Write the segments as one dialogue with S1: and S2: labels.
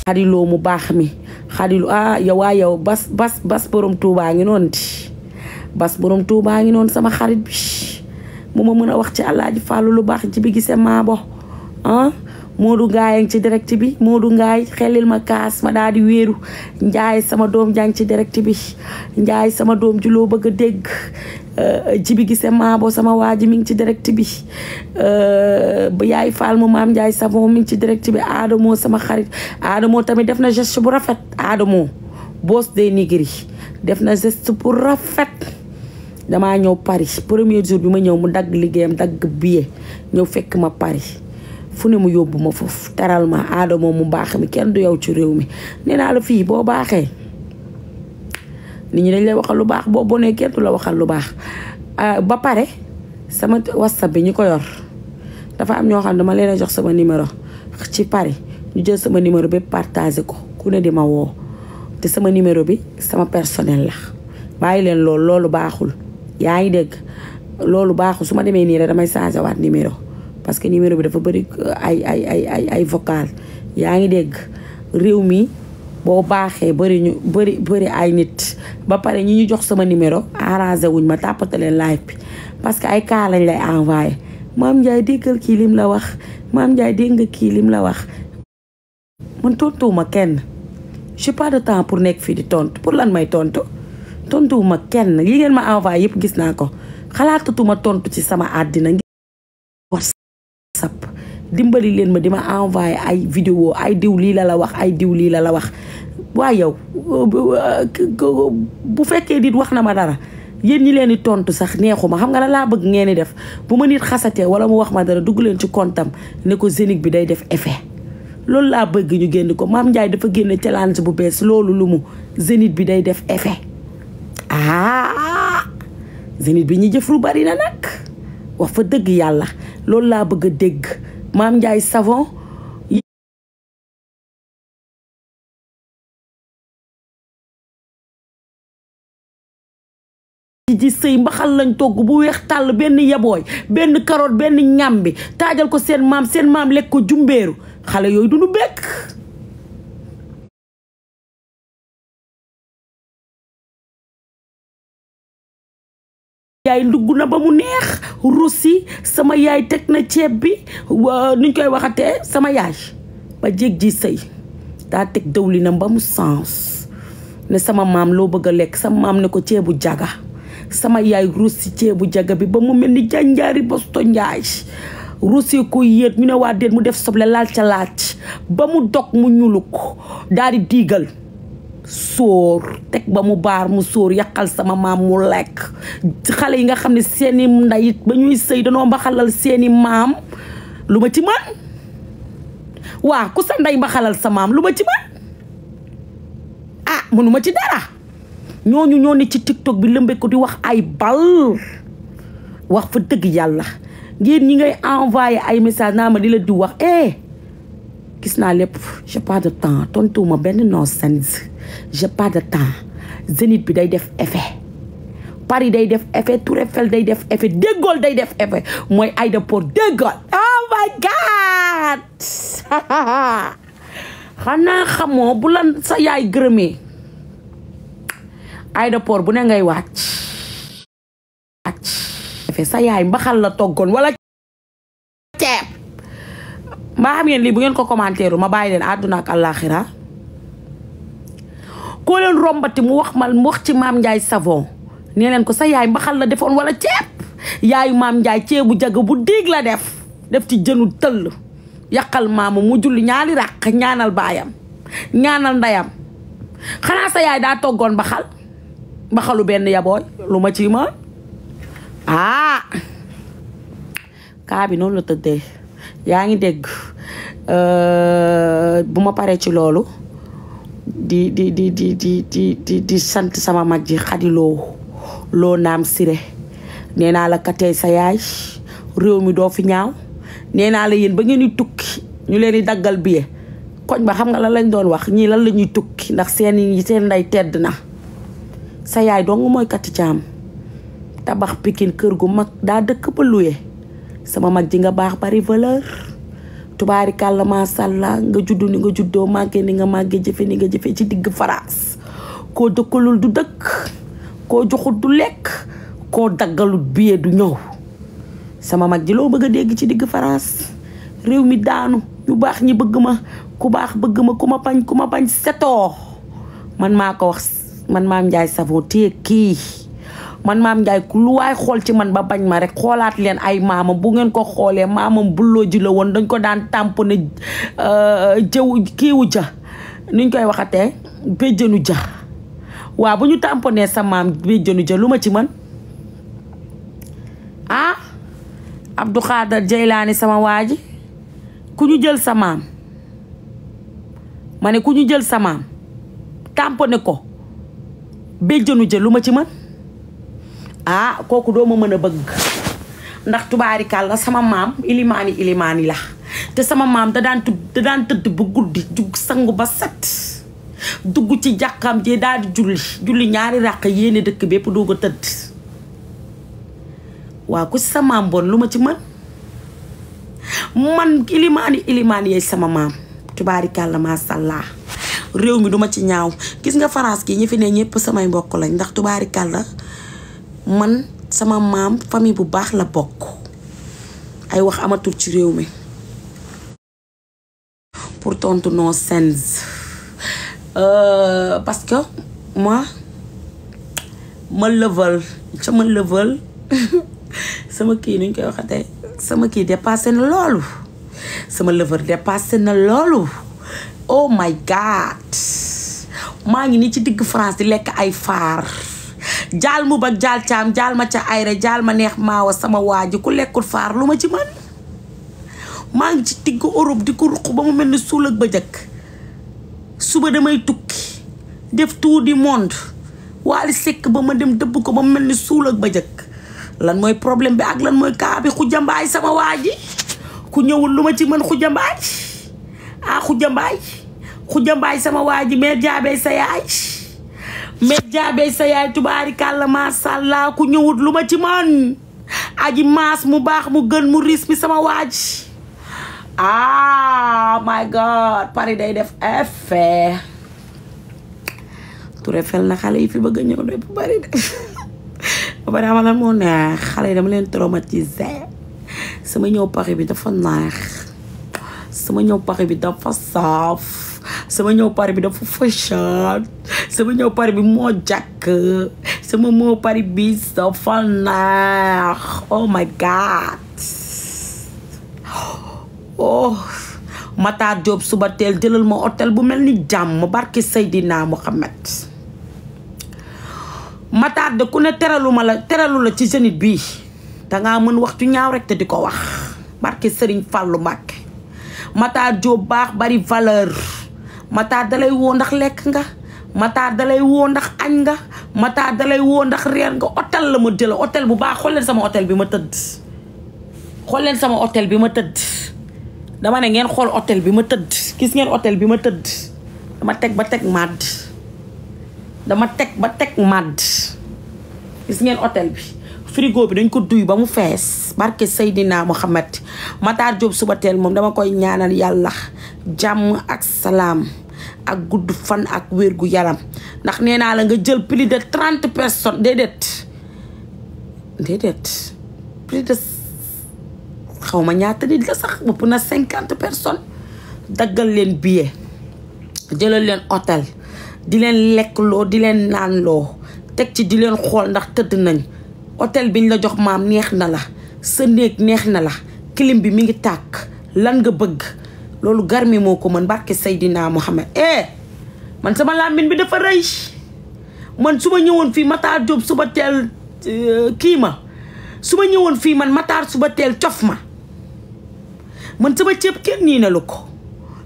S1: xadiloo mu baax mi xadilu ah yow waa ah, yow bas bas bas borom tuubaa ngi noon di bas borom tuubaa ngi noon sama xarit bi mu ma mën a wax ci àllaaji fàllu lu baax ci bi gise maa bo ah Modou Ngaay ci direct bi Modou Ngaay xelil ma kaas ma daal di wéeru njaay sama doom jàng ci direct bi njaay sama doom ji loo bëgg a dégg Euh, jibi gise maabo sama waa ji mi ngi ci direct bi euh, yaay faal mu maam Ndiaye savon mi ngi ci direct bi Adamo sama xarit Adamo tamit def na geste bu rafet Adamo boss nigri def na geste bu rafet damaa ñëw Paris première jour bi ma ñëw mu dagg liggéeyam dagg billet ñëw fekk ma Paris fu ne mu yóbbu ma foofu teral ma Adamo mu baax mi kenn du yow ci réew mi nee naa la fii boo baaxee nit ñi dañ lay waxal lu baax boo bonee kenn du la waxal lu baax ah, ba pare sama whatsapp bi ñu ko yor dafa am ñoo xam dama leen a jox sama numéro ci Paris ñu jël sama numéro bi partagé ko ku ne di ma te sama numéro bi sama personnel la bàyyi leen loolu loolu baaxul yaa ngi dégg loolu baaxul su ma demee nii rek damay changé waat numéro parce que numéro bi dafa bëri euh, ay ay ay ay ay vocal yaa ngi dégg réew mi boo baaxee bëri ñu bëri bëri ay nit ba pare ñi ñu jox sama numéro arrangé wuñ ma tàppatale live bi parce que ay cas lañ lay envoyé maam Ndiaye déggal kii liim la wax maam Ndiaye nga kii lim la wax. man tontuwuma kenn j'ai pas de temps pour nekk fii di tontu pour lan may tontu tontuwuma kenn yi ngeen ma envoyé yëpp gis naa ko xalaatatuma tontu ci sama àddina whatsapp dimbali leen ma di ma envoyé ay video ay diw lii la la wax ay diw lii la la wax. waa yow bu fekkee nit wax na ma dara yéen ñi leen di tontu sax neexuma xam nga la laa bëgg ngeen di def bu ma nit xasatee wala mu wax ma dara dugg leen ci kontam ne ko Zénith bi day def effet. loolu laa bëgg ñu génn ko Mame Ndiaye dafa génne challenge bu bees loolu lu mu Zénith bi day def effet ah Zénith bi ñu jëf lu bari na nag wax fa dëgg yàlla loolu laa bëgg a dégg maam Ndiaye savon. ji sëy mbaxal lañ togg bu weex tàll benn yabooy benn karoot benn ñàmbi taajal ko seen maam seen maam lekk jumbeeru xale yooyu du bekk yaay ndugg na ba mu neex russi sama yaay teg na ceeb bi nuñ koy waxatee sama yaay ba jéeg sëy daa teg dawlinam mu sens ne sama maam loo bëgg a lekk sama maam ne ko ceebu jaga sama yaay russi ciebu jaga bi ba mu melni janjari bosto njaay russi ko yet mu ne wa det mu def soble lal ca laaj ba mu dok mu ñuluk daal digal sor tek ba mu bar mu sor yakal sama mam mu lek xale yi nga xamni ne seeni ndayit ba ñuy sey dañu mbaxalal seeni maam lu ma ci man wa ku sa nday mbaxalal sa mam lu ci man ah mënuma ci dara ñooñu ñoo ci tiktok bi lëmbe ko di wax ay bal wax fa dëgg yàlla ngeen ñi ngay envoyé ay message naa ma di la di wax eh gis naa lépp je pas de temps tontuwuma benn nonsense je pas de temps zénith bi day def effet Paris day def effet Tour Eiffel day def effet de Gaulle day def effet mooy ay de Gaulle oh my god xanaa xamoo bu lan sa yaay gërëmee ay da por bu ne ngay wacc wàcc fe sa yaay mbaxal la togon wala ceeb ma xam ngeen li bu ngeen ko commentéeru ma bàyyi len aduna ak alakhira ko len rombati mu wax mal mu wax ci mam Ndiaye savon ne len ko sa yaay mbaxal la defon wala yaay mam maam Ndiaye bu jag bu diig la def def ci jeñu teul yakal maamu mu julli ñaari rak ñaanal bayam ñaanal ndayam xana sa yaay da togon mbaxal mbaxalu benn yabooy lu ma ci ma ah kaa noonu la tëddee yaa ngi dégg euh, bu ma paree ci loolu di di di di di di di di sant sama mag ji xadiloo loo naam sire nee naa la katey sa yaay réew mi doo fi ñaaw nee naa la yéen ba ngeen di tukki ñu leen di daggal billet koñ ba xam nga la lañ doon wax ñii lan la ñuy tukki ndax seen seen ndey tedd na sa yaay dong moy katti cham tabax pikin keur gu mak da dekk ba sama mag ji nga bax bari valeur tubaari ma salla nga juddu ni nga juddo magge ni nga magge jëfe ni nga jëfe ci digg France ko dëkkalul du dekk ko du lek ko biye du sama mag ji lo bëgg a dégg ci digg France rew mi daanu ñu bax ñi bëgg ma ku bax bëgg ma kuma pañ kuma pañ seto man mako wax man maam Ndiaye Savon téye kii man maam Ndiaye ku lu waay xool ci man ba bañ ma rek xoolaat leen ay maamam bu ngeen ko xoolee maamam bulloo ji la woon dañ ko daan tamponné euh, jëw kiiwu ja nuñ koy waxatee béjjënu ja waaw bu ñu tamponné sa maam béjjënu ja lu ma ci man ah Abdou Khader Jeylaani sama waa ji ku ñu jël sa maam ma ne ku ñu jël sa maam tamponné ko béjjanu jël lu ma ci mën ah kooku doo ma mën a bëgg ndax tubaarikaal la sama maam ilimaani ilimaani la te sama maam da daan tëdd bu guddi jug sangu ba set dugg ci jàkkaam jee daal di julli julli ñaari ràq yéene dëkk bépp doo tëdd waaw ku si sa maam bon lu ma ci mën man ilimaani ilimaan yey sama maam tubaarikaal la maasàllaa réew mi duma ci ñaaw gis nga France gi ñi fi ne ñëpp samay mbokk lañ ndax tubaari kàlla man sama maam famille bu baax la bokk ay wax amatul ci réew mi pour tontu non sens euh, parce que moi ma level sama level sama kii nuñ koy waxatee sama kii dépassé na loolu sama level dépassé na loolu oh my god maa ngi ni ci digg France di lek ay far jal mu bak jal cham jal ma ca ayre jal ma neex maawa sama waji ku lekul far luma ci man maa ngi ci digg Europe di ko ruq ba mu melni ni ak ba suba damay tukki def tour du monde wali sek ba ma dem dëbb ko ba mu melni ni ak ba lan moy problème bi ak lan moy ka bi jambaay sama waji ku ñëwul lu man ci mën a ah jambaay ku mbaay sama waji me mère sa yaay me jaabey sa yaay sha Allah ku ñewut luma ci man aji mas mu bax mu gën mu sama waji ah my god pare day def effet tu refel na xale yi fi bëgg ñew do bu bari de ba bari xamal mo na dama leen traumatiser sama ñew Paris bi dafa sama ñew Paris bi dafa saaf sama pari bi dafa fashion sama ñëw bi moo jàkk sama moo pari bi oh my god oh mata job suba tel mo mo hotel bu melni jam, jàmm barke Seydina Muhammad Mata de ku ne teraluma la teralu la ci jeunit bi danga mën wax ju ñaaw rek te diko wax Barki Serigne Fallou Mata job bari valeur Matar dalay woo ndax lekk nga Matar dalay woo ndax añ nga Matar dalay woo ndax reer nga hôtel la ma jëla hôtel bu baax xool leen sama hôtel bi ma tëdd xool leen sama hôtel bi ma tëdd dama ne ngeen xool hôtel bi ma tëdd gis ngeen hôtel bi ma tëdd dama teg ba teg màdd dama teg ba teg màdd gis ngeen hôtel bi frigo bi dañ ko duy ba mu fees barke Seydina Mohamed Matar Diop suba teel moom dama koy ñaanal yàlla jàmm ak salaam ak gudd fan ak wér gu yaram ndax nee naa la nga jël plus de trente personnes déedéet déedéet plus de xaw ma ñaata nit la sax bëpp na cinquante personne daggal leen billet jëlal leen hôtel di leen lekkloo di leen naanloo teg ci di leen xool ndax tëdd nañ hôtel biñ la jox maam neex na la sa néeg neex na la kilim bi mi ngi tàkk lan nga bëgg loolu garmi moo ko mën barke Seydina Mohamed eh man sama làmmiñ bi dafa rëy man su ma ñëwoon fii Matar Diop suba teel euh, kii ma su ma ñëwoon fii man Matar suba teel cof ma man sama ceeb kenn nii ne ko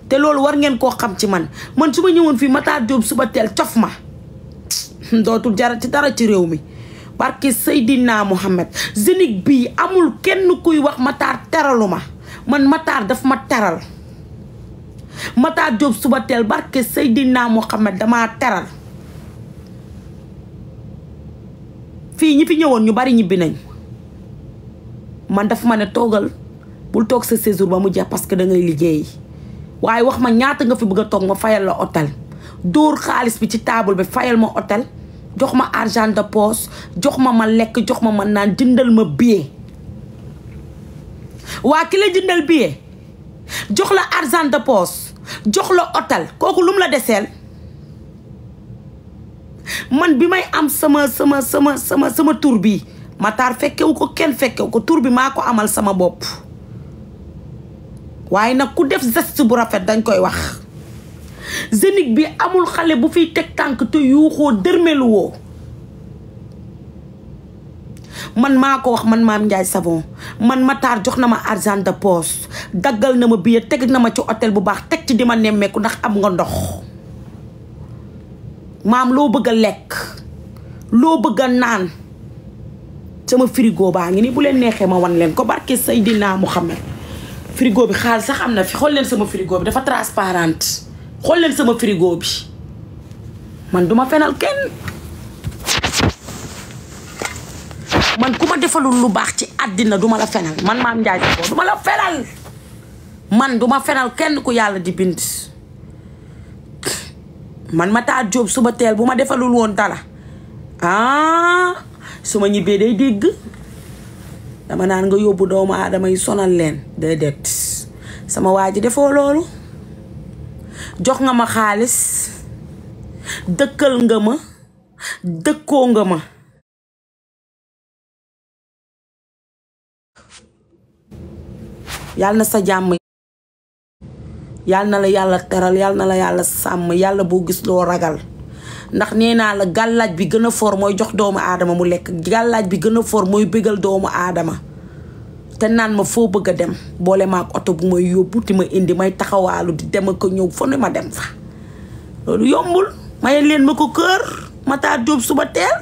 S1: te loolu war ngeen koo xam ci man man su ma ñëwoon fii Matar Diop suba teel cof ma dootul jara ci dara ci réew mi barke Seydina Mohamed zénith bi amul kenn kuy wax Matar teraluma man Matar daf ma teral Matar Diop suba teel barke Seydina Mohamed damaa teral fii ñi fi ñëwoon ñu bari ñibbi nañ man dafa ma ne toogal bul toog sa séjour ba mu jeex parce que da ngay liggéey waaye wax ma ñaata nga fi bëgg a toog ma fayal la hôtel dóor xaalis bi ci table bi fayal ma hôtel jox ma argent de poche jox ma ma lekk jox ma ma naan jëndal ma billet waa ki la jëndal billet jox la argent de poche jox la otal kooku lum la deseel man bi may am sama sama sama sama sama tur bi Matar fekkewu ko kenn fekkewu ko tur bi maa ko amal sama bopp waaye nag ku def geste bu rafet dañ koy wax Zénith bi amul xale bu fi teg tànk te yuuxoo dërmeluwoo man maa ko wax man maam Ndiaye Savon man ma Matar jox na ma argent de poche daggal na ma billet teg na ma ci hôtel bu baax teg ci di ma nemmeeku ndax am nga ndox maam loo bëgg a lekk loo bëgg a naan sama frigo baa ngi ni bu leen neexee ma wan leen ko barke Seydina Muhammad frigo bi xaal sax am na fi xool leen sama frigo bi dafa transparente xool leen sama frigo bi man duma fenal kenn man ku ma defalul lu baax ci àddina du ma la fenal man maam Ndiaye Savon du la fenal man du ma fenal kenn ku yàlla di bind man ma taa jóob suba teel bu ma defalul woon dala ah su ma ñibbee day dégg dama naan nga yóbbu doomu aadama yi sonal leen déedéet sama waa ji defoo loolu jox nga ma xaalis dëkkal nga ma dëkkoo nga ma yàlla na sa jàmm na la yàlla teral yàlla na la yàlla sàmm yàlla boo gis loo ragal ndax nee naa la gàllaaj bi gën a for mooy jox doomu aadama mu lekk gàllaaj bi gën a for mooy bégal doomu aadama te naan ma foo bëgg a dem boole ma ak oto bu may yóbbu di ma indi may taxawaalu di dem ak ñëw fa ne ma dem fa loolu yombul maye leen ma ko kër Matar Diop suba teel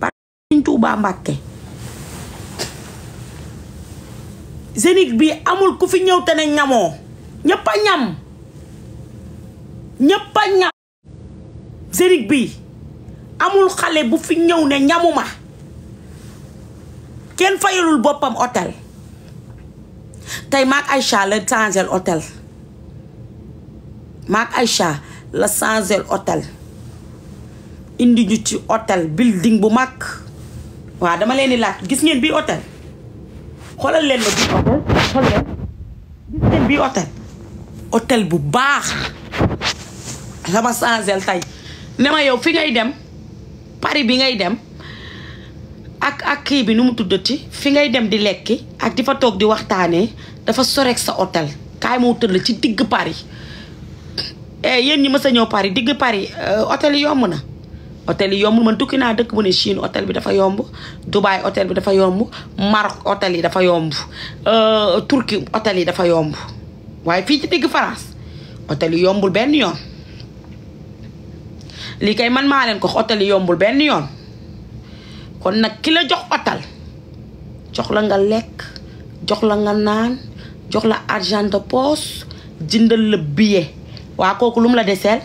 S1: ba Tuubaa Mbàkke Zénith bi amul ku fi ñëw te ne ñamoo ñëpp a ñam ñëpp ñam Zénith bi amul xale bu fi ñëw ne ñamuma kenn fayalul boppam hôtel tey maak ay la changel hôtel maak Aïcha la changel hôtel indi ñu ci hôtel building bu mag waa dama leen di laaj gis ngeen bii hôtel xolal leen ma bii hôtel xool leen gis ngeen bii bu baax sama changel tey ne ma yow fi ngay dem Paris bi ngay dem ak ak kii bi nu mu tuddati fi ngay dem di lekki ak di fa toog di waxtaanee dafa sorek sa hôtel kaay moo tëdd ci digg Paris eh, yéen ñi ma sa ñëw Paris digg Paris euh, hôtel yomb na hôtel yi yombul man tukki naa dëkk bu ne Chine hôtel bi dafa yomb dubaay hôtel bi dafa yomb Maroc hôtel yi dafa yomb euh, Turquie hôtel yi dafa yomb waaye fii ci digg France hôtel yi yombul benn yoon lii kay man maa leen ko hôtel yi yombul benn yoon kon nag ki la jox hôtel jox la nga lekk jox la nga naan jox la argent de poche jëndal la billet waa kooku lum mu la deseel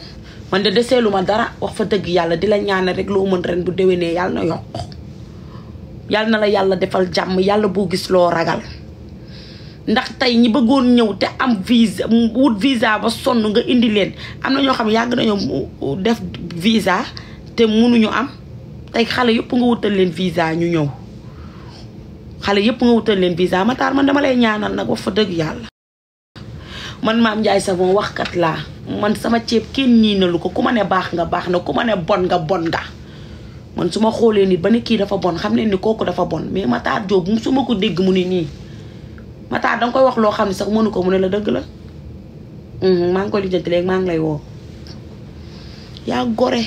S1: man de deseelu ma dara wax fa dëgg yàlla di la ñaanal rek loo mën ren bu déwénee yàlla na yokk yàlla na la yàlla defal jàmm yàlla boo gis loo ragal ndax tey ñi bëggoon ñëw te am visa wut visa ba sonn nga indi leen am na ñoo xam yàgg nañoo def visa te mënuñu am tey xale yëpp nga wutal leen visa ñu ñëw xale yëpp nga wutal leen visa Matar man dama lay ñaanal nag wax fa dëgg yàlla man maam Ndiaye Savon waxkat laa man sama ni na lu ko kuma ne bax nga bax na kuma ne bon nga bon nga man suma xole ni nit ba ne kii dafa bon xam ni koku dafa bon mais mata Diop mu suma ko deg mu ni ni mata dang koy wax lo sax monuko mu ne la deug la hmm mang ko lijjanti lay wo ya gore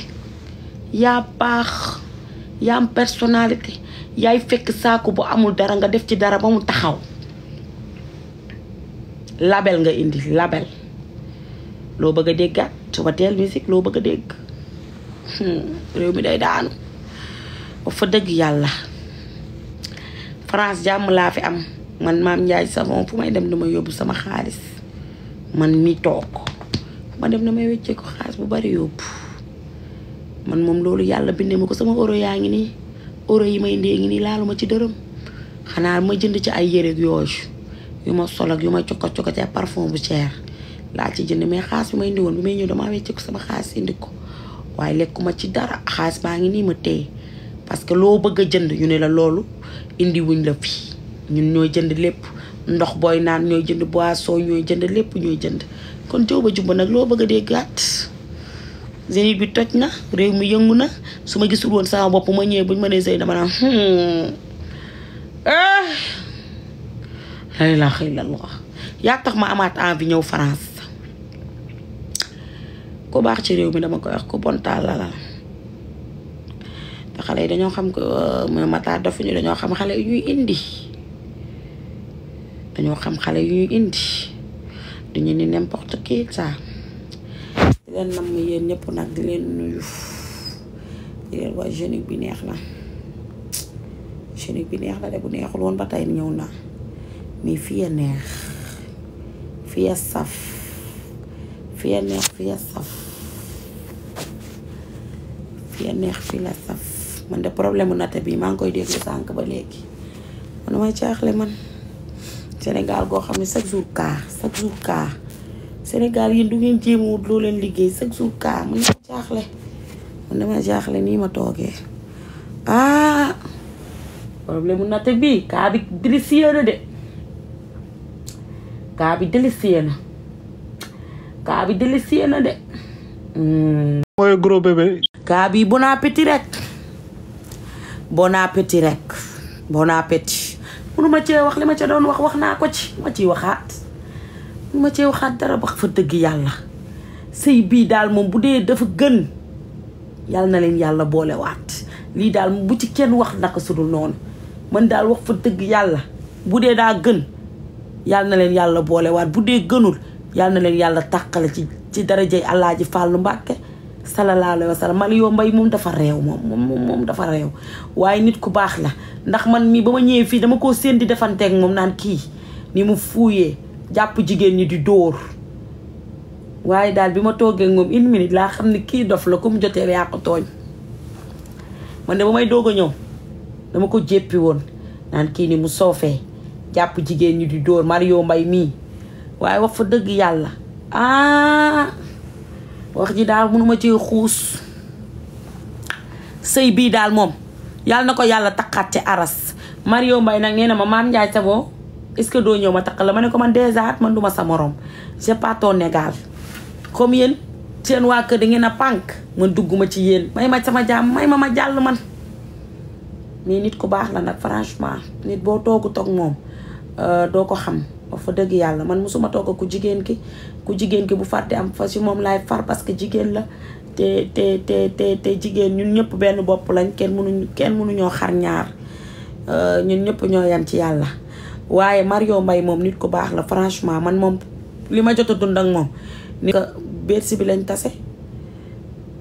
S1: ya bax ya am personnalité yaay fekk bu amul dara nga def ci dara ba mu taxaw label nga indi label lo bëgg a ci hotel musique lo bëgg a dégg réew mi day daanu ba fa dëgg yàlla France jàmm laa fi am man maam Njaay savon fu may dem dama yóbbu sama xaalis man mi toog ma dem damay wéccee ko xaalis bu bari yóbbu man moom loolu yàlla bindee ma ko sama oro yaa ngi nii oro yi may ndee ngi nii ma ci dërëm xanaa ma jënd ci ay yére yooyu yu ma sol ak yu ma cokko cokko ci ya parfum bu cher laa ci jënd mais xaas bi may indi woon bi may ñëw damaa wecce ko sama xaas indi ko waaye lekkuma ci dara xaas baa ngi nii ma téye parce que loo bëgg a jënd ñu ne la loolu indi wuñ la fii ñun ñooy jënd lépp ndox booy naan ñooy jënd boisson ñooy jënd lépp ñooy jënd kon jëw ba jubba nag loo bëgg a dee gàtt Zénith bi toj na réew mi yëngu na su ma gisul woon sama bopp ma ñëwee buñ ma nee sëy dama naan hmm, ah. laa ilaaha illallaah yaa tax ma amaat envie ñëw France. ku baax ci réew mi dama koy wax ku bon tàllalal xale yi dañoo xam ko euh, mu mataar dañoo xam xale yu ñuy indi dañoo xam xale yu ñuy indi duñu ni n'importe qui ça leen nam yéen ñëpp nag di leen nuyu di bi neex na génique bi neex na de bu neexul ba tey ñëw na mais fii a neex fii saf fii neex fii saf fii neex fii la saf man de problème mu natta bii maa ngi koy déglu sànq ba léegi man damay jaaxle man Sénégal goo xam ne chaque jour kaa chaque jour kaa Sénégal yéen du ngeen jéem wut loo leen liggéey chaque jour kaa man damay jaaxle nii ma toogee ah problème mu bii kaa bi délicieux na kaa bi délicieux na de. Hmm. kaa bi bon appétit rek bon appétit rek bon appétit munu ma cee wax li ma ca doon wax wax naa ko ci ma ciy waxaat munu ma cee waxaat dara wax fa dëgg yàlla sëy bii daal moom bu dee dafa gën yàlla na leen yàlla boolewaat lii daal bu ci kenn wax naka sudul noonu man daal wax fa dëgg yàlla bu dee daa gën yàlla na leen yàlla boolewaat bu dee gënul yàlla na leen yàlla tàqale ci ci darajay Alaaji fàll Mbàkke sallallahu alayhi wa sallam man yow mbay moom dafa réew moom moom dafa réew waaye nit ku baax la ndax man mii ba ma ñëwee fii dama koo séen di defanteek moom naan kii ni mu fuuyee jàpp jigéen ñi di dóor waaye daal bi ma toogee moom une laa xam ne kii dof la ku mu jotee yaa ko tooñ man doog a ñëw dama ko jéppi woon naan kii ni mu soofee jàpp jigéen ñi di dóor Mario Mbaye mii waaye wax fa dëgg yàlla ah wax ji dal munuma ci xuus sey bi dal mom nako yalla ci aras Mario mbay nak neena na mam maam sa bo est-ce do ñew ma takk la ne ko man déjà man duma sa morom c'est pas ton égal comme yeen seen wa kër da ngeen pank man dugguma ci yeen may ma sama jam may ma ma jall man ni nit ku bax la nak franchement nit togu tok mom euh do ko xam wax fa dëgg yàlla man mosuma toog ku jigéen ki ku jigéen ki bu fàtte am fa yi moom laay far parce que jigéen la te te te te te jigéen ñun ñëpp benn bopp lañ kenn mënuñu kenn mënuñoo xar ñaar euh, ñun ñëpp ñoo yam ci yàlla waaye Mario mbay moom nit ku baax la franchement man moom li ma jot a dund ak moom ni ko Bercy bi lañ tase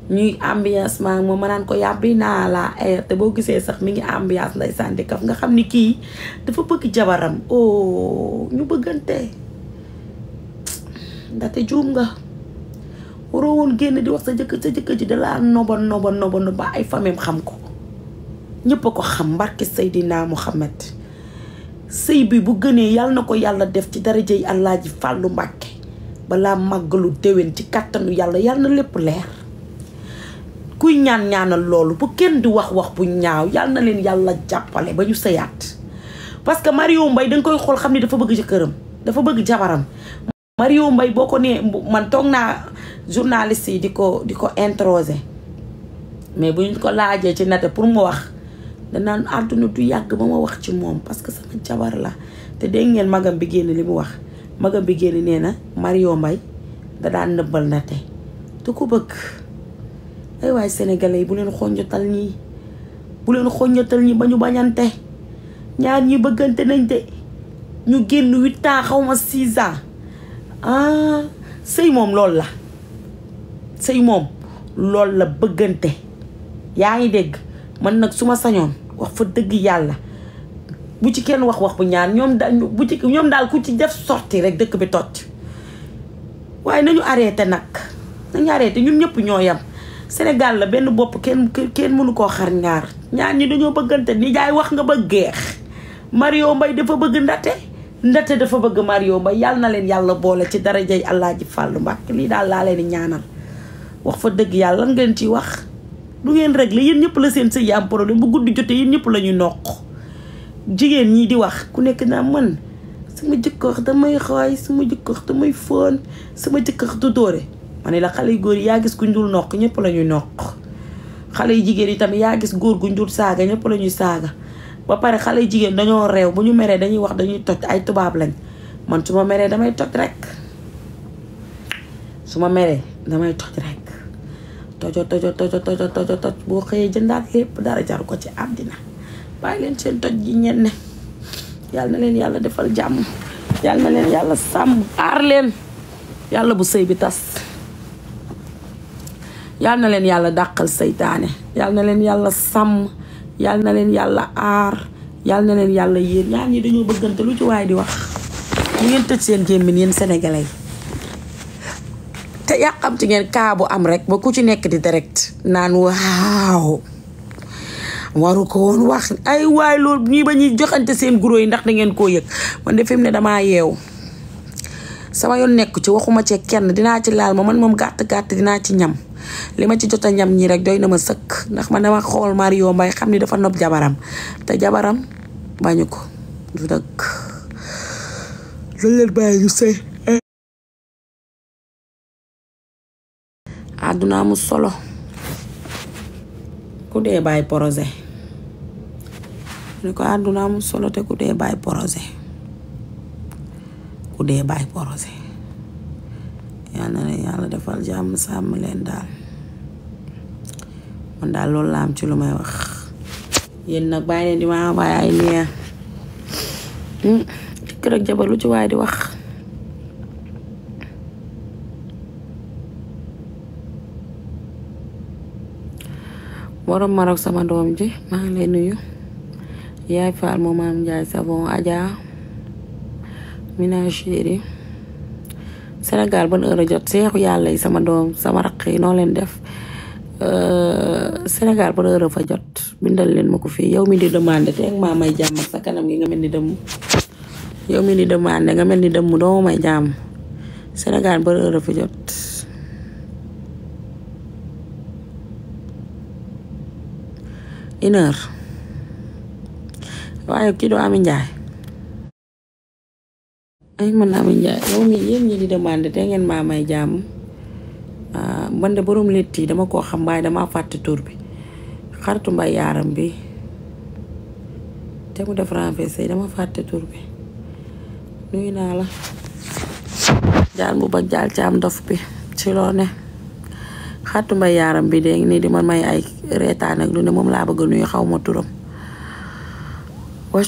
S1: ñuy ambiance ma mo ma ko yàbbi ya naa la air eh, te bo gisé sax mi ngi ambiance ndey di kaf nga xamni ki dafa bëgg jabaram oh ñu bëggante ndaxte joom nga waroo won genn di wax sa jëk sa jëk ji dalaa noba noba noba ba ay famem xam ko ñëpp ko xam barke sayidina Muhammad sey bi bu gëné yalla nako yalla def ci allah ji fallu Mbàkke bala maglu dewen ci katanu yalla yalla na leer kuy ñaan ñaanal loolu bu kenn di wax wax bu ñaaw yal na leen yàlla jàppale ba ñu sëyaat parce que Mario mbay danga koy xool xam ni dafa bëgg ci këram dafa bëgg jabaram Mario Mbaye boo ko nee man toog naa journaliste yi di ko di ko introsé mais bu ñu ko laajee ci nate pour mu wax danaan àdduna du yàgg ba ma wax ci moom parce que sama jabar la te dégg ngeen magam bi génn li mu wax magam bi génn nee na Mario mbay da daan nëbbal nate du ko bëgg ay waay sénégalais yi bu leen xonjotal ñii bu leen xonjotal ñi ba ñu bañante ñaar ñi bëggante nañ de ñu génn huit xawma xaw ma six ans ah, sëy moom loolu la sëy moom loolu la bëggante yaa ngi dégg man nag su ma sañoon wax fa dëgg yàlla bu ci kenn wax wax bu ñaar ñoom daal bu ci ñoom daal ku ci def sorti rek dëkk bi toj waaye nañu arrêté nag nañu arrêté ñun ñëpp ñoo yam senegal la benn bopp kenn kenn mënu koo xar ñaar ñaan ñi dañoo bëggante ni jaay wax nga bëgg geex Mario Mbaye dafa bëgg Ndaté Ndaté dafa bëgg Mario mbay yàlla na leen yàlla boole ci darajay ji Fàllu Mbàkke lii daal laa leen ñaanal wax fa dëgg yàlla lan ngeen ci wax du ngeen réglé yéen ñëpp la seen sëy yi am problème bu guddi jotee yéen ñëpp la ñu noq jigéen ñi di wax ku nekk naa man sama jëkkër damay xooy sama jëkkër damay foon sama jëkkër du dóore mané la xalé goor ya gis ku ndul nok ñepp lañuy nok xalé xale yu jigéen yi tamit gis goor gu ndul saga ñepp lañuy saga ba paré xalé yu jigéen dañoo réew toto toto toto dañuy wax dañuy toj ay tubab lañ man suma méré damay toj rek suma méré damay toj rek tojo tojo tojo tojo tojo toj xey jëndaat dara ko ci adina bay leen seen toj gi ñen ne yalla na leen yalla defal jamm yalla na leen yalla sam ar leen yalla bu sey bi tass yal na leen yàlla dàqal saytaane yal na leen yàlla sàmm yal na leen yàlla aar yal na leen yàlla yéen ñaar ñi dañoo bëggante lu ci waay di wax ñu ngeen tëj seen gémmiñ yéen senegale yi te yàqamti ngeen kaa bu am rek ba ku ci nekk di direct naan waaw waru ko woon wax ay waay loolu ñii ba ñuy joxante seen guro yi ndax da ngeen koo yëg man de ne damaa yeew sama yoon nekk ci waxuma ci kenn dinaa ci laal ma man moom gàtt gàtt dinaa ci ñam li ma ci jot a ñam ñi rek doy na ma sëkk ndax ma ne dama xool Mario Mbaye xam ni dafa nopp jabaram te jabaram bañu ko du àdduna mu solo ku dee bàyyi projet ko àdduna mu solo te ku dee bàyyi projet ku dee bàyyi projet yàlla na yàlla defal jàmm sàmm leen daal man daal loolu la am ci lu may wax yéen nag bàyyi leen di ma envoyé ay ya. jëkkër ak jabar lu ci waay di wax borom marok sama doom ji maa ngi lay nuyu yaay faal moom maam njaay savon Adja mina chéri Sénégal bon heure jot seexu yàlla yi sama doom sama raq yi noo leen def Euh, Sénégal ba heure fa jot bindal leen ma ko fii yow mi di demandé te maa may jàmm sa mi di demandé nga mel ni dem doo jàmm Sénégal ba heure fa jot. une waaye kii doo Ami Njaay ay man Ami Njaay yow mi yéen ñi di demandé te ngeen maa may jàmm. Euh, man de borom létt yi dama koo xam waaye dama fàtte tur bi xartu mbay yaaram bi te mu def renversé yi dama fàtte tur bi nuyu naa la jaal bu ba jaal ci am dof bi ci loo ne xaritu mbay yaaram bi de nii di ma may ay reetaan ak lu ne moom laa bëgg nuyu xaw ma turam wa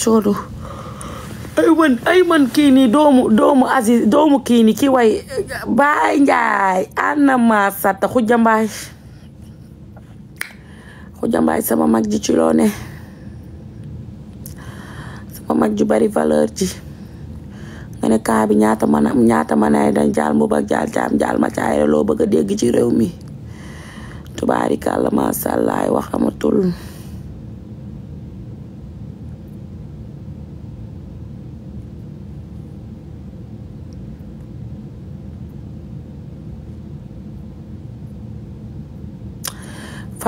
S1: ay man ay man kii nii doomu doomu Aziz doomu kii kii way Baay Njaay ana ma sata Khoudia Mbaye Khoudia Mbaye sama mag ji ci loo sama mag ju bari valeur ji nga ne kaa bi ñaata man ñaata man ay dañ jaal mu bag jaal jaam jaal ma caayre loo bëgg dégg ci réew mi tubaarikàlla maasàllaa wax amatul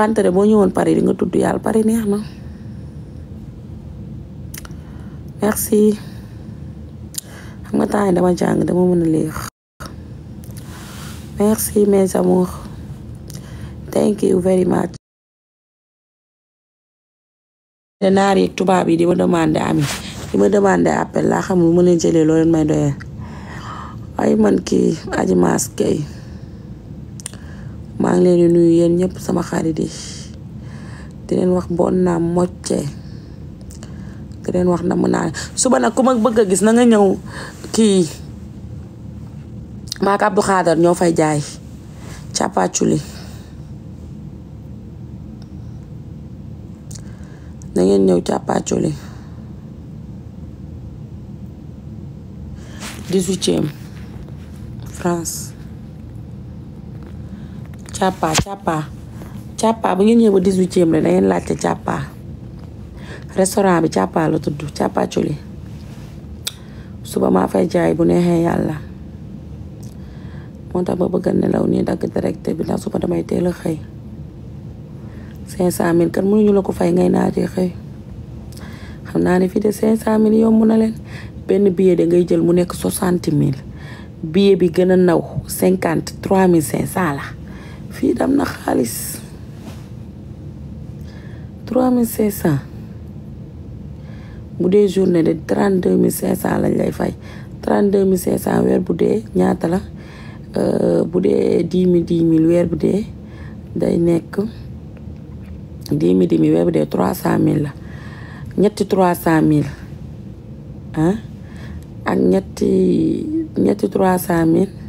S1: fante de bo ñewon Paris di nga tuddu yal Paris neex na merci xam ay dama jang dama mëna leex merci mes amours thank you very much de tuba yi tubaab di ma demandé ami di ma demandé appel la xam mu mëna jëlé lo leen may ay man ki aji mas kay maa ngi leen di nuyu yéen ñëpp sama xarit yi di wax bon naa mocce di wax na mu naa suba nag ku ma bëgg a gis na nga ñëw kii maak Abdou Xaadar ñoo fay jaay càppaaculi na ngeen ñëw càppaaculi dix-huitième France càppa càppa càppa bu ngeen ñëw ba dix-huitième la dangeen laajte càppa restaurant bi càppa la tudd càppa culi suba maa fay jaay bu neexee yàlla moo tax ba bëgg a nelaw nii dagg direct bi ndax suba damay teel a xëy cinq cent mille kan mënuñu la ko fay ngay naatee xëy xam naa ne fii de cinq cent mille yomb na leen benn billet da ngay jël mu nekk soixante mille billet bi gën a naw cinquante trois mille cinq cent la fii dam na xaalis trois mille cinq cent bu dee journée de trente deux mille cinq cent lañ lay fay trente deux mille cinq cent weer bu dee ñaata la euh, bu dee dix mille dix weer bu dee day nekk dix mille dix mille weer bu dee trois mille la ñetti trois cent mille ah ak ñetti ñetti trois mille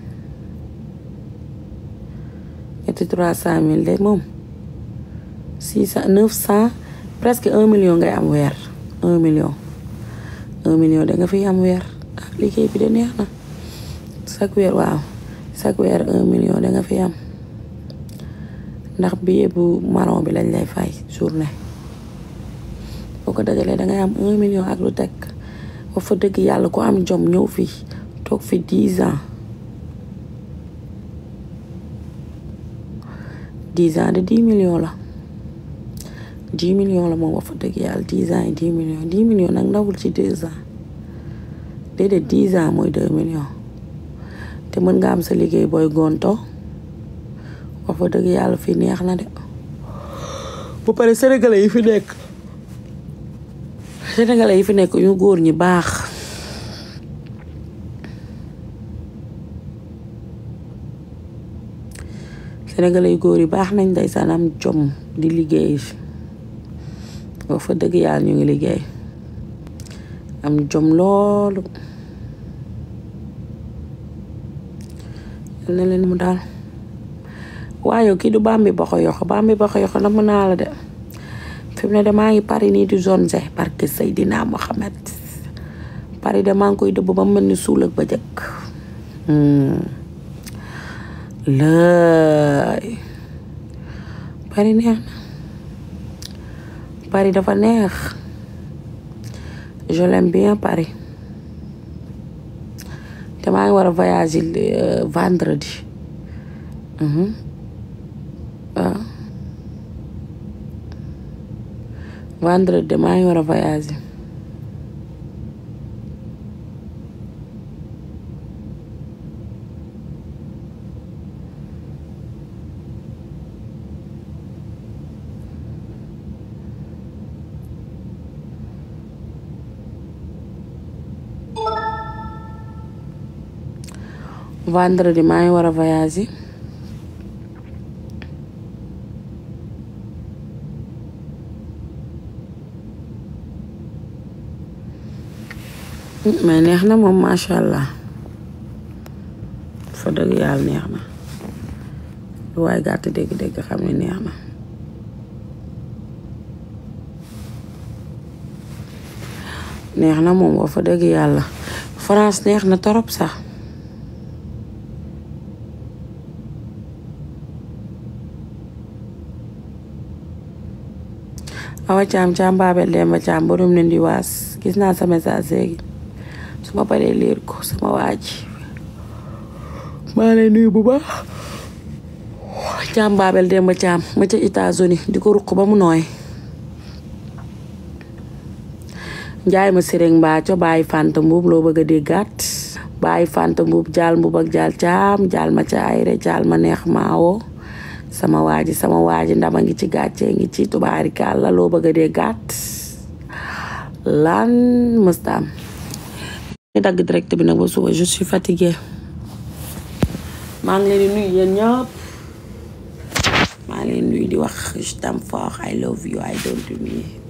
S1: ñetti trois cent mille de moom six cent neuf cent presque un million ngay am weer un million un million danga fi fiy am weer ah liggéey bi de neex na chaque weer waaw chaque weer un million da nga fiy am ndax billet bu bi lañ lay fay journée boo ko dajalee dangay am un ak lu teg ba yàlla ko am jom ñëw fii toog fi dix ans dix ans de dix millions la dix millions la moom wax fa dëgg yàlla dix ans yi dix millions dix millions nag ndawul ci deux ans déedéet dix ans mooy deux million te mën nga am sa liggéey booy gonto wax fa dëgg yàlla fii neex na de bu pare sénégalais yi fi nekk sénégalais yi fi nekk ñu góor ñi baax sénégalais goor yi bax nañ day am jom di liggéey wax fa dëgg yaal ñu ngi liggéey am jom lool yal na leen mu daal waaye kii du bambi boxo yoxo bambi boxo yoxo na mën naa la de fi mu ne damaa ngi pari nii du zone ze parce que Seydina Mohamed pari ngi koy dëbb ba mel suul ak ba jëkk hmm. Le Paris n'est pas Paris dafa neex je l'aime bien Paris Demain on va voyager le euh, vendredi mhm. ah. vendredi on va war voyager vendredi maa ngi war a voyage yi mais neex na moom macha allah fa dëgg yàlla neex na lu waaye gàtt dégg-dégg xam ne neex na neex na moom wa fa dëgg yàlla France neex na torop sax awa caam caam baabel demba caam gis naa sa message caam baabel demba caam ma ca États-Unis di ko ruq ba mu nooy njaay ma sëriñ mbaaco bàyyi fanta mbuub loo bëgg a déggaat bàyyi fanta mbuub jaal mbuub jaal caam jaal ma ca ayre jaal ma neex maawoo sama waa ji sama waa ji a ngi ci gàccee ngi ci tubaarikaal la loo bëgg dee gàtt lan mëstaam ñu dagg direct bi nag ba suba je suis maa ngi leen di nuyu yéen maa ngi leen nuyu di wax je t'aime fort I love you I don't do